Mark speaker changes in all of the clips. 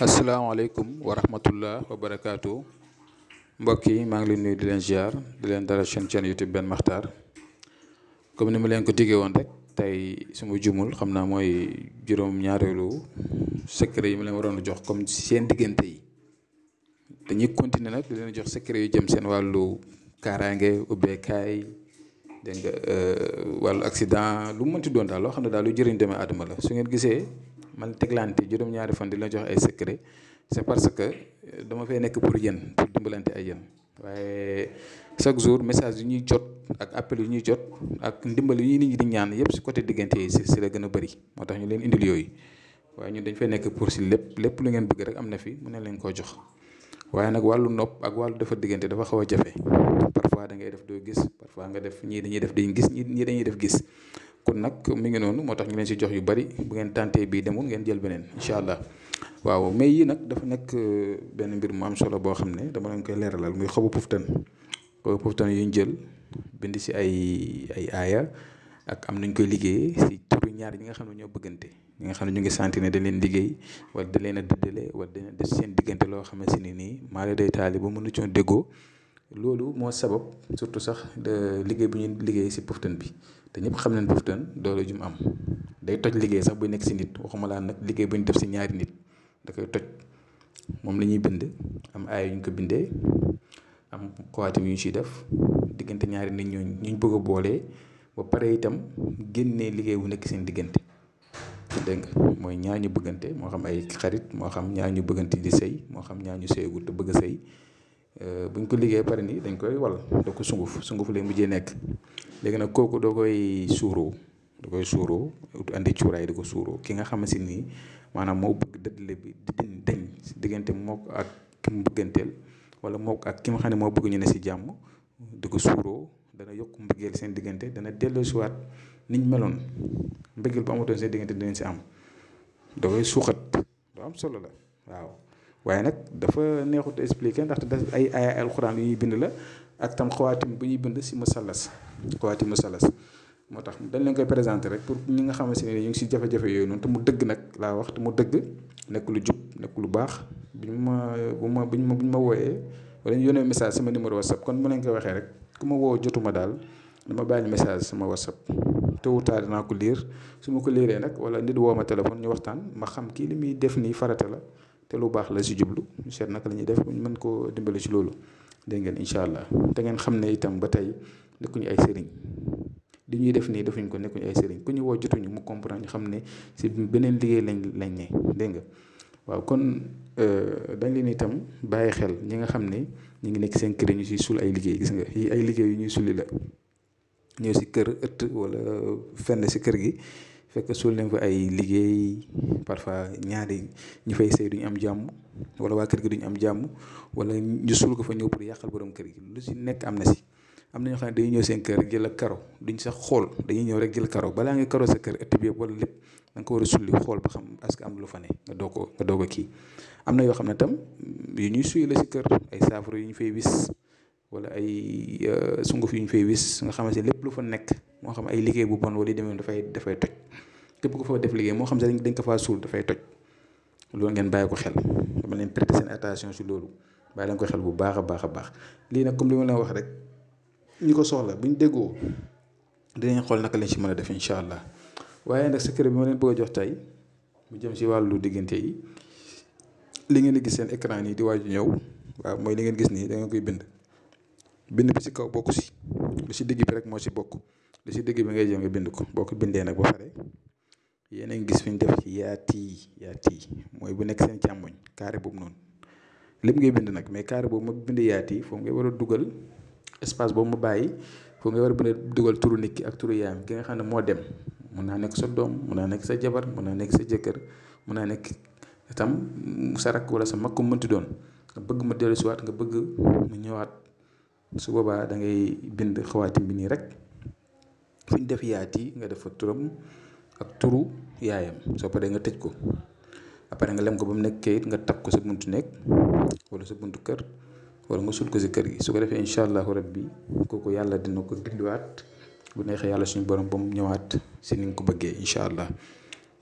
Speaker 1: Assalamualaikum warahmatullahi wabarakatuh. wa barakaatu mbokk yi maa ngi leen nuyu di leen ziar di leen dara seen chaîne YouTube Ben Makhtar comme ni ma leen ko diggee woon rek tey suma jumul xam naa mooy juróom-ñaareelu secret yi ma leen waroon jox comme seen diggante yi dañuy continuer nag di leen jox secret yu jëm seen wàllu kaaraange ubbeekaay dégg nga euh, wàllu accident lu mu mënti doon daal loo xam ne daal lu jëriñ demee aadama la su ngeen man teglante juróom-ñaari fan di la jox ay secret c'est parce que euh, dama fay nekk pour yéen pour dimbalante ay yéen waaye chaque jour message yu ñuy jot ak appel yu ñuy jot ak ndimbal yu ñu nit ñi di ñaan yëpp si côté diggante yi si si la gën a bëri moo tax ñu leen indil yooyu waaye ñun dañ fay nekk pour si lépp lépp lu ngeen bëgg rek am na fi mu ne leen koo jox waaye nag wàllu nopp ak wàllu dafa diggante dafa xaw a jafe parfois da ngay def doo gis parfois nga def ñii dañuy def dañ gis ñii dañuy def gis kon nag mi ngi noonu moo tax ñu leen si jox yu bari bu ngeen tenté bii demul ngeen jël beneen incha allah waaw mais yii nag dafa nekk euh, benn mbir mu am solo boo xam ne dama leen koy leeralal muy xobu puftan xobu puftan yu jël bind si ay ay aaya ak am nañ koy liggéeyee si turu ñaar ñi nga xam ne ñoo bëggante ñi nga xam ne ñu ngi sentir ne da leen liggéey wala da leen a dëddale wala da leen def seen diggante loo xam ne si ne nii maa la day taali ba mënu coon déggoo loolu moo sabab surtout sax liggéey bu ñuy liggéey si poftan bi te ñëpp xam nañ poftan doole ju mu am day toj liggéey sax buy nekk si nit waxuma laa nag liggéey bu ñu def si ñaari nit da koy toj moom la bind am aay yu ñu ko bindee am xawaatim yu ñu ciy def diggante ñaari nit ñooñu ñu bëgg a boolee ba pare itam génnee liggéey bu nekk seen diggante dégg nga mooy ñaar ñu bëggante moo xam ay xarit moo xam ñaar ñu bëggante di sëy moo xam ñaar ñu sëyagul te bëgg a sëy Euh, buñ ko liggéey pare nii dañ koy wal da ko sunguf sunguf lay mujjee nekk léegi nag kooku da koy suuroo da koy suuroo andi cuuraay ko suuroo ki nga xam si nii maanaam moo bëgg dëddale bi si diggante mook ak ki wala mook ak ki nga ne moo bëgg ñu ne si jàmm di ko dana yokk mbëggeel seen diggante dana delloosiwaat niñ meloon mbëggeel bu amatoon seen diggante dinañ si am da koy suuxat lu am solo la waaw waaye nag dafa neexut expliquer ndaxte da ay ay alquran yu bind la ak tam xawaatim bu ñuy bind si musallas xawaatim musallas moo tax dañ leen koy présenter rek pour ñi nga xamante ne ñu ngi si jafe-jafe yooyu noonu te mu dëgg nag laa wax te mu dëgg nekk lu jub nekk lu baax biñ ma bu ma buñ ma buñ ma wooyee wala ñu yónnee message sama numéro whatsapp kon mu leen koy waxee rek ku ma woo jotuma daal dama bàyyi message sama whatsapp tôt ou tard dinaa ko liir su ma ko liiree nag wala nit woo ma téléphone ñu waxtaan ma xam kii li muy def nii farata la te lu baax la ci jublu seet naka la ñuy def mën koo dimbali ci loolu dégg ngeen incha allah te ngeen xam ne itam ba tey nekkuñu ay sëriñ li ñuy def nii defuñ ko nekkuñu ay sëriñ ku ñu wo jotuñu mu comprendre ñu xam ne si beneen liggéey lañ lañ ne dégg nga waaw kon euh, dañ leen itam bàyyi xel ñi nga xam ne ñu ngi nekk seen kër ñu si sul ay liggéey gis nga yi ay liggéey yu ñuy suli la ñëw si kër ëtt wala euh, fenn si kër gi fekk suul nañ fa ay liggéey parfois ñaari ñu fay sëy duñ am jàmm wala waa kër gi duñ am jàmm wala ñu suul ko fa ñëw pour yàqal borom kër gi lu si nekk am na si am na ñoo xam ne dañuy ñëw seen kër rek jël karo duñ sax xool dañuy ñëw rek jël karo balaa nga karo sa kër ëtt bi yëpp lépp da ko war a sulli xool ba xam est que am lu fa ne nga doog ko nga a na yoo xam ne tam yu ñuy suy la si kër ay saafara yu ñu fay wis wala ay euh, sunguf yu ñu fay wis nga xamante ne lépp lu fa nekk moo xam ay liggéey bu bon wala demee dafay dafay toj képp ku fa def liggéey moo xam ne dañ ko faa suul dafay toj loolu ngeen bàyyi xel dama leen prêter seen attention si loolu bàyyi leen ko xel bu baax a baax a baax lii nag comme li ma leen wax rek ñi ko soxla ñu déggoo dinañ xool naka lañ ci mën a def incha allah waaye nag secret bi ma leen bëgg a jox tey mu jëm si wàllu diggante yi li ngeen di gis seen écran yi di waaju ñëw waaw mooy li ngeen gis nii da koy bind. bind bi ci kaw bokku ci li ci digg bi rek moo ci bokk li ci digg bi ngay jëm nga bind ko boo ko bindee nag ba pare yéen a ngi gis fi ñu def ci yaatii yaatii mooy bu nekk seen càmmoñ carré boobu noonu lim ngay bind nag mais carré boobu ma bind yaatii foofu ngay war a dugal espace boobu ma bàyyi foofu ngay war a bind dugal turu nit ki ak turu yaayam ki nga xam ne moo dem mun naa nekk sa doom mun naa nekk sa jabar mun naa nekk sa jëkkër mun naa nekk itam sa rakk wala sa mag ko mënti doon nga bëgg ma dellusiwaat nga bëgg mu ñëwaat su boobaa da ngay bind xawaatim bi nii rek fi ñu def yaat yi nga def fa turam ak turu yaayam soo paree nga tëj ko après nga lem ko ba mu nekk kayit nga takk ko sa buntu nekk wala sa buntu kër wala nga suul ko si kër gi su ko defee incha allahu rabbi kooku yàlla dina ko gindiwaat bu neexee yàlla suñu borom ba mu ñëwaat si ni nga ko bëggee incha allah.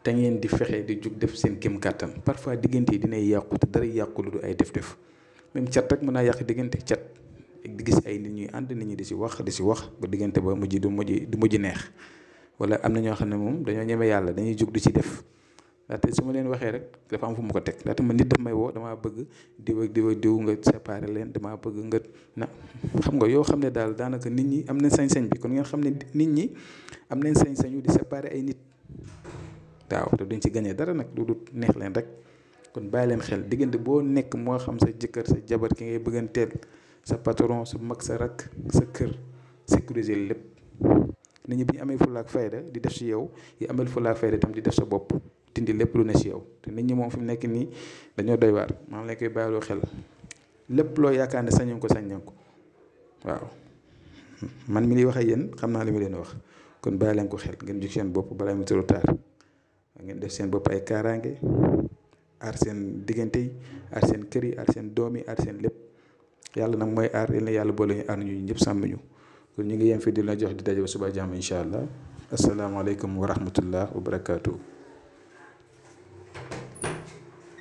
Speaker 1: te ngeen di fexe di jug def seen kéem kàttan parfois diggante yi dina yàqu te dara yàqu lu du ay def-def même cat rek mën naa yàq diggante cat. ak di gis ay nit ñuy ànd nit ñi di si wax di si wax ba diggante ba mujj du mujj du mujj neex wala am na ñoo xam ne moom dañoo ñeme yàlla dañuy jug du ci def ndaxte su ma leen waxee rek dafa am fu mu ko teg ndaxte man nit daf may woo damaa bëgg diw ak diw ak diw nga séparé leen damaa bëgg nga na xam nga yoo xam ne daal daanaka nit ñi am nañ sañ-sañ bi kon ngeen xam ne nit ñi am nañ sañ-sañu di séparé ay nit waaw te duñ ci gagné dara nag lu dul neex leen rek kon bàyyi leen xel diggante boo nekk moo xam sa jëkkër sa jabar ki ngay bëgganteel sa patron su mag sa rakk sa kër sécuriser lépp nit ñi bi ñu amee fulla ak fayda di def si yow yi amel fulla ak fayda itam di def sa bopp dindi lépp lu ne si yow te nit ñi moom fi mu nekk nii dañoo doy waar maa ngi lay koy xel lépp loo yaakaar ne sañu ko sañ ko waaw man mi di wax ak yéen xam naa li mu leen wax kon bàyyi leen ko xel ngeen jug seen bopp balaa muy taar tard ngeen def seen bopp ay kaaraange aar seen diggante yi aar seen kër yi aar seen doom yi lépp. yàlla nag mooy aar yal yàlla boole ñu aar ñu ñëpp sàmm ñu kon ñu ngi yem fii di la jox di daje ba suba jàmm incha allah asalaamaaleykum wa rahmatullah wa barakaatu.